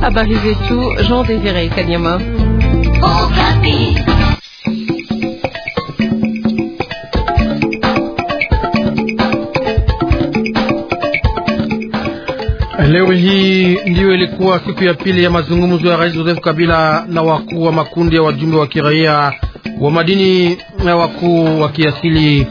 Habari zetu Jean Désiré Kanyama. Leo hii ndiyo ilikuwa siku ya pili ya mazungumzo ya Rais Joseph Kabila na wakuu wa makundi ya wajumbe wa kiraia wa madini na wakuu wa kiasili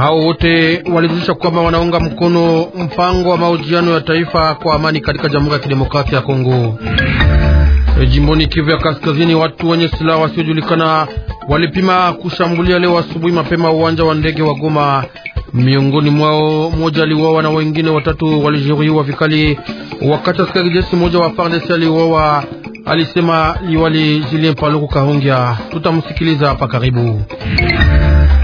hao wote walizisha kwamba wanaunga mkono mpango wa mahojiano ya taifa kwa amani katika Jamhuri ya Kidemokrasia ya Kongo. E, jimboni Kivu ya Kaskazini, watu wenye silaha wasiojulikana walipima kushambulia leo asubuhi mapema uwanja wa ndege wa Goma. Miongoni mwao mmoja aliuawa na wengine watatu walijeruhiwa vikali, wakati askari jeshi mmoja wa FARDC aliuawa, alisema liwali Julien Paluku Kahungia. Tutamsikiliza hapa karibu.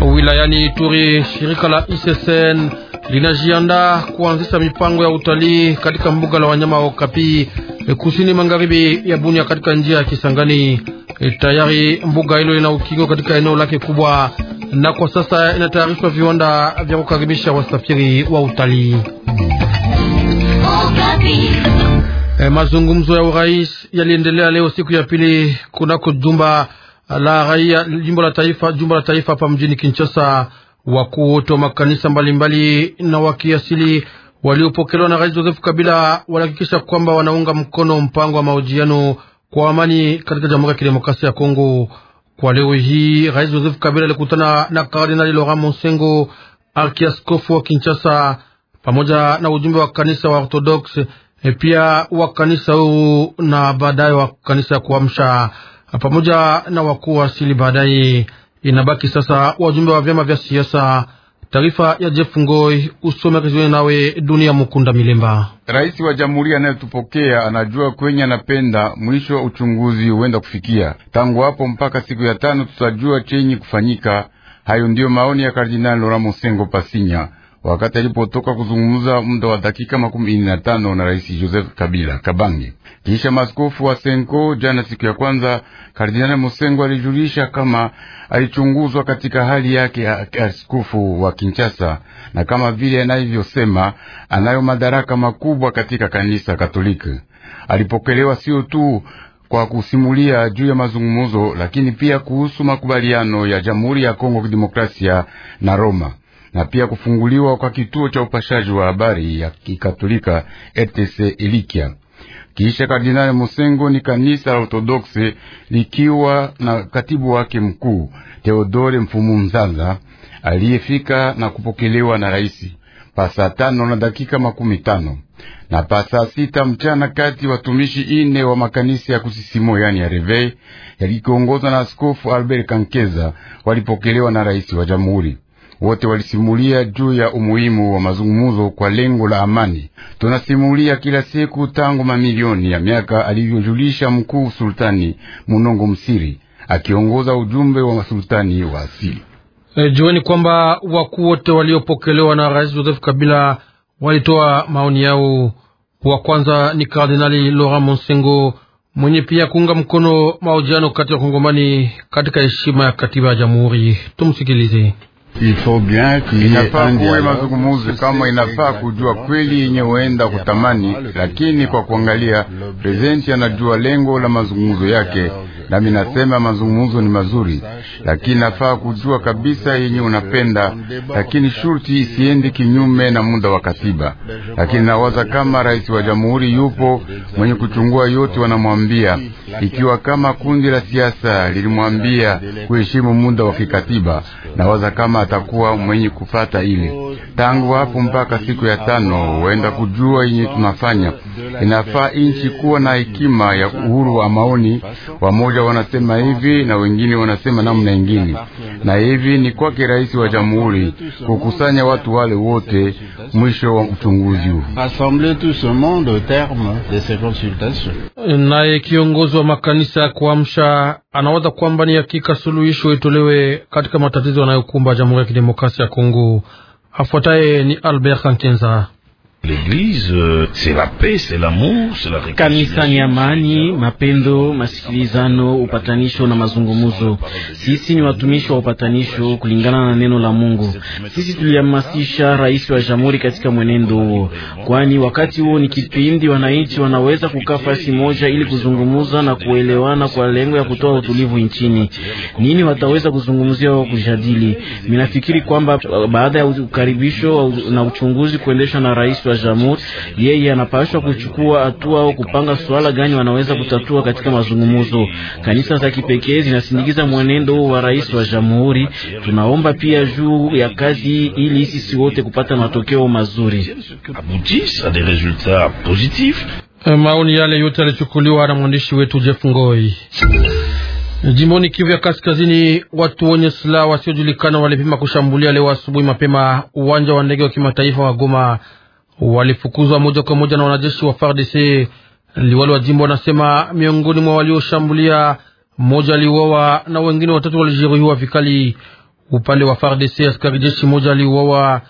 Wilayani Ituri, shirika la ISSN linajianda kuanzisha mipango ya utalii katika mbuga la wanyama wa Okapi eh, kusini magharibi ya Bunia katika njia ya Kisangani. Eh, tayari mbuga hilo lina ukingo katika eneo lake kubwa, na kwa sasa inatayarishwa viwanda vya kukaribisha wasafiri wa utalii. E, mazungumzo ya urais yaliendelea leo siku ya pili kunako jumba la raia jimbo la taifa jimbo la taifa hapa mjini Kinshasa. Wakuu wote wa makanisa mbalimbali na wakiasili waliopokelewa na Rais Joseph Kabila walihakikisha kwamba wanaunga mkono mpango wa mahojiano kwa amani katika Jamhuri ya Kidemokrasia ya Kongo. Kwa leo hii Rais Joseph Kabila alikutana na Kardinali Laurent Monsengo, arkiaskofu wa Kinshasa, pamoja na ujumbe wa kanisa wa Orthodox, eh, pia wa kanisa huu na baadaye wa kanisa ya kuamsha pamoja na wakuu wa asili baadaye. Inabaki sasa wajumbe wa vyama vya siasa. Taarifa ya Jeff Ngoi kazini nawe Dunia Mukunda Milemba. Rais wa jamhuri anayetupokea anajua kwenye anapenda mwisho wa uchunguzi huenda kufikia. Tangu hapo mpaka siku ya tano tutajua chenye kufanyika. Hayo ndiyo maoni ya Kardinali Laurent Mosengo Pasinya, wakati alipotoka kuzungumza muda wa dakika makumi ine na tano na Rais Joseph Kabila Kabange kisha maskofu wa Senko. Jana siku ya kwanza, Kardinali Musengo alijulisha kama alichunguzwa katika hali yake ya askofu wa Kinshasa, na kama vile anavyosema anayo madaraka makubwa katika kanisa Katoliki. Alipokelewa sio tu kwa kusimulia juu ya mazungumzo, lakini pia kuhusu makubaliano ya Jamhuri ya Kongo Kidemokrasia na Roma na pia kufunguliwa kwa kituo cha upashaji wa habari ya kikatolika RTC Ilikia kisha Kardinali Musengo ni kanisa la Ortodoksi likiwa na katibu wake mkuu Theodore Mfumu Mzaza aliyefika na kupokelewa na raisi pasaa tano na dakika makumi tano na pasaa sita mchana kati watumishi ine wa makanisa ya kusisimo yani ya Revei yalikiongozwa na Askofu Albert Kankeza walipokelewa na raisi wa jamhuri wote walisimulia juu ya umuhimu wa mazungumzo kwa lengo la amani. Tunasimulia kila siku tangu mamilioni ya miaka, alivyojulisha mkuu sultani Munongo Msiri akiongoza ujumbe wa masultani wa asili. E, jueni kwamba wakuu wote waliopokelewa na Rais Joseph Kabila walitoa maoni yao. Wa kwanza ni Kardinali Laurent Monsengo mwenye pia kuunga mkono mahojiano kati ya Kongomani katika heshima ya katiba ya jamhuri. Tumsikilize. Inafaa kuwe mazungumuzo kama inafaa kujua kweli yenye huenda kutamani, lakini kwa kuangalia prezidenti anajua lengo la mazungumuzo yake, nami nasema mazungumuzo ni mazuri, lakini nafaa kujua kabisa yenye unapenda, lakini shurti isiende kinyume na muda wa katiba. Lakini nawaza kama rais wa jamhuri yupo mwenye kuchungua yote, wanamwambia ikiwa kama kundi la siasa lilimwambia kuheshimu muda wa kikatiba, na waza kama atakuwa mwenye kufata ile. Tangu hapo mpaka siku ya tano huenda kujua yenye tunafanya. Inafaa inchi kuwa na hekima ya uhuru wa maoni. Wamoja wanasema hivi na wengine wanasema namna ingine, na hivi ni kwake rais wa jamhuri kukusanya watu wale wote mwisho wa uchunguzi huu. Naye kiongozi wa makanisa kuamsha, anawaza kwamba ni hakika suluhisho itolewe katika matatizo yanayokumba Jamhuri ya Kidemokrasia ya Kongo. Afuataye ni Albert Kankenza. Euh, Kanisa ni amani, mapendo, masikilizano, upatanisho na mazungumuzo Sisi ni watumishi wa upatanisho kulingana na neno la Mungu. Sisi tulihamasisha rais wa jamhuri katika mwenendo huo, kwani wakati huo ni kipindi wananchi wanaweza kukaa fasi moja ili kuzungumuza na kuelewana kwa lengo ya kutoa utulivu nchini. Nini wataweza kuzungumzia au kujadili? Ninafikiri kwamba baada ya ukaribisho na uchunguzi kuendeshwa na rais wa jamhuri, yeye anapaswa kuchukua hatua au kupanga swala gani wanaweza kutatua katika mazungumzo. Kanisa za kipekee zinasindikiza mwenendo wa rais wa jamhuri. Tunaomba pia juu ya kazi ili sisi wote kupata matokeo mazuri. Eh, maoni yale yote yalichukuliwa na mwandishi wetu Jeff Ngoi. Jimboni Kivu ya Kaskazini, watu wenye silaha wasiojulikana walipima kushambulia leo asubuhi mapema uwanja wa ndege wa kimataifa wa Goma walifukuzwa moja kwa moja na wanajeshi wa FARDC. Liwali wa jimbo anasema miongoni mwa walioshambulia mmoja aliuawa na wengine watatu walijeruhiwa vikali. Upande wa FARDC askari jeshi moja aliuawa.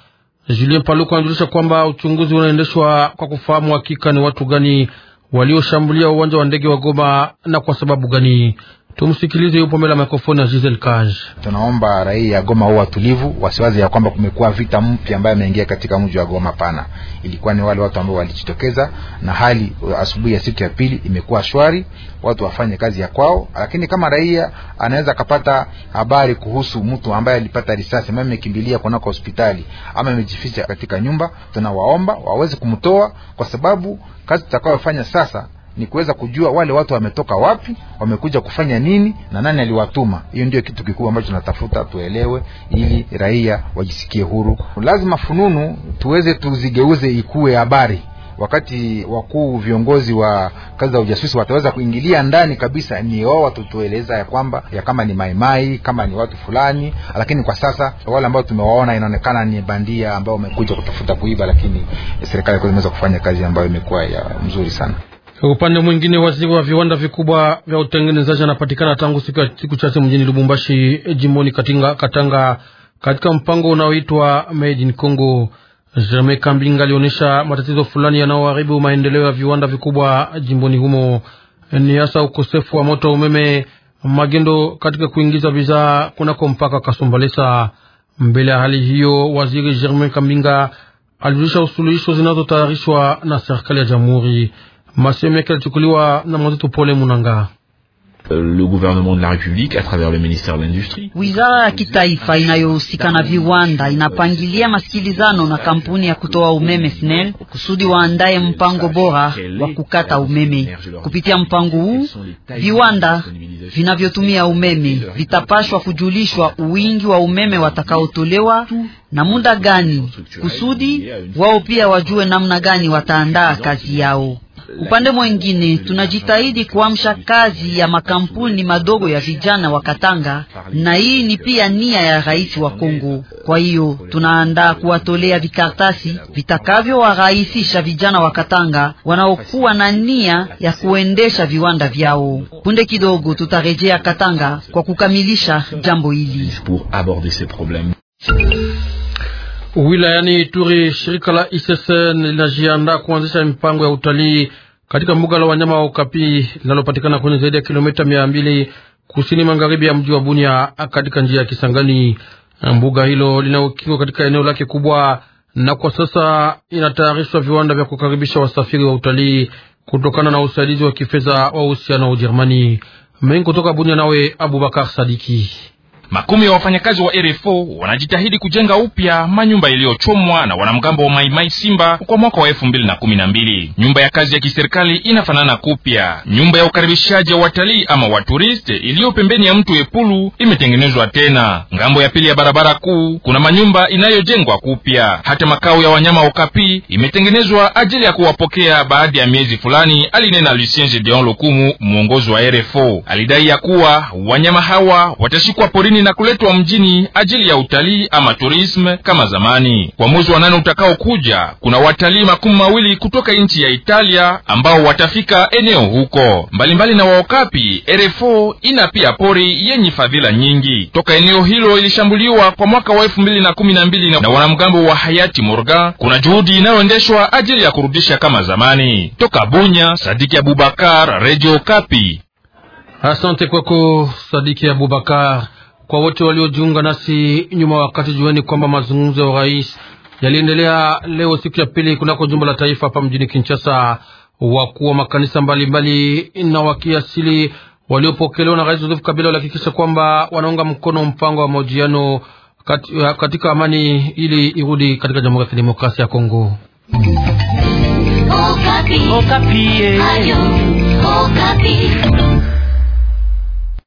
Julien Paluku anajulisha kwamba uchunguzi unaendeshwa kwa kufahamu hakika ni watu gani walioshambulia uwanja wa ndege wa Goma na kwa sababu gani. Tumsikilize, yupo mbele ya mikrofoni ya Giselle Kaji. Tunaomba raia ya Goma huwa watulivu, wasiwazi ya kwamba kumekuwa vita mpya ambayo ameingia katika mji wa Goma. Pana ilikuwa ni wale watu ambao walijitokeza, na hali uh, asubuhi ya siku ya pili imekuwa shwari, watu wafanye kazi ya kwao. Lakini kama raia anaweza akapata habari kuhusu mtu ambaye alipata risasi ama amekimbilia kunako hospitali ama amejificha katika nyumba, tunawaomba waweze kumtoa, kwa sababu kazi tutakayofanya sasa ni kuweza kujua wale watu wametoka wapi, wamekuja kufanya nini na nani aliwatuma. Hiyo ndio kitu kikubwa ambacho tunatafuta tuelewe, ili raia wajisikie huru. Lazima fununu tuweze tuzigeuze ikuwe habari wakati wakuu viongozi wa kazi za ujasusi wataweza kuingilia ndani kabisa, ni wao watutueleza ya kwamba ya kama ni maimai kama ni watu fulani. Lakini kwa sasa wale ambao tumewaona inaonekana ni bandia ambao wamekuja kutafuta kuiba, lakini serikali imeweza kufanya kazi ambayo imekuwa ya mzuri sana. Upande mwingine, waziri wa viwanda vikubwa vya utengenezaji anapatikana tangu siku, siku chache mjini Lubumbashi, eh, jimboni Katinga, Katanga, katika mpango unaoitwa Made in Congo. Germain Kambinga alionyesha matatizo fulani yanayoharibu maendeleo ya viwanda vikubwa jimboni humo, eh, ni hasa ukosefu wa moto umeme, magendo katika kuingiza bidhaa kunako mpaka Kasumbalesa. Mbele ya hali hiyo, waziri Germain Kambinga alijulisha usuluhisho zinazotayarishwa na serikali ya jamhuri yake alichukuliwa na mwenzetu Pole Munanga. Le gouvernement de la République à travers le ministère de l'Industrie. Wizara ya kitaifa inayohusika na viwanda inapangilia masikilizano na kampuni ya kutoa umeme SNEL kusudi waandaye mpango bora wa kukata umeme. Kupitia mpango huu, viwanda vinavyotumia umeme vitapashwa kujulishwa uwingi wa umeme watakaotolewa na muda gani, kusudi wao pia wajue namna gani wataandaa kazi yao. Upande mwengine, tunajitahidi kuamsha kazi ya makampuni madogo ya vijana wa Katanga, na hii ni pia nia ya rais wa Kongo. Kwa hiyo tunaandaa kuwatolea vikartasi vitakavyowarahisisha vijana wa Katanga wanaokuwa na nia ya kuendesha viwanda vyao. Punde kidogo tutarejea Katanga kwa kukamilisha jambo hili. Wilayani Ituri, shirika la ISSN linajiandaa kuanzisha mipango ya utalii katika mbuga la wanyama wa Ukapi linalopatikana kwenye zaidi ya kilomita mia mbili kusini magharibi ya mji wa Bunia katika njia ya Kisangani. Mbuga hilo lina ukingo katika eneo lake kubwa, na kwa sasa inatayarishwa viwanda vya kukaribisha wasafiri wa utalii kutokana na usaidizi wa kifedha wa uhusiano wa Ujerumani. Mengi kutoka Bunia, nawe Abubakar Sadiki. Makumi ya wafanyakazi wa RFO wanajitahidi kujenga upya manyumba iliyochomwa na wanamgambo wa Maimai Simba kwa mwaka wa elfu mbili na kumi na mbili. Nyumba ya kazi ya kiserikali inafanana kupya. Nyumba ya ukaribishaji wa watalii ama waturiste iliyo pembeni ya mtu Epulu imetengenezwa tena. Ngambo ya pili ya barabara kuu kuna manyumba inayojengwa kupya. Hata makao ya wanyama wa Okapi imetengenezwa ajili ya kuwapokea baada ya miezi fulani, alinena Lucien Gedeon Lokumu, mwongozi wa RFO. Alidai ya kuwa wanyama hawa watashikwa porini vijijini na kuletwa mjini ajili ya utalii ama turisme kama zamani. Kwa mwezi wa nane utakaokuja, kuna watalii makumi mawili kutoka nchi ya Italia ambao watafika eneo huko mbalimbali. Na waokapi RFO ina pia pori yenye fadhila nyingi. Toka eneo hilo ilishambuliwa kwa mwaka wa elfu mbili na kumi na mbili na wanamgambo wa hayati Morgan, kuna juhudi inayoendeshwa ajili ya kurudisha kama zamani. Toka Bunya, Sadiki Abubakar, Radio Kapi. Asante kwako Sadiki Abubakar kwa wote waliojiunga nasi nyuma wakati, jueni kwamba mazungumzo ya urais yaliendelea leo siku ya pili kunako jumba la taifa hapa mjini Kinshasa. Wakuu wa makanisa mbalimbali na wakiasili waliopokelewa na Rais Joseph Kabila walihakikisha kwamba wanaunga mkono mpango wa mahojiano katika amani ili irudi katika Jamhuri ya Kidemokrasia ya Kongo. Okapi. Okapi. Eh.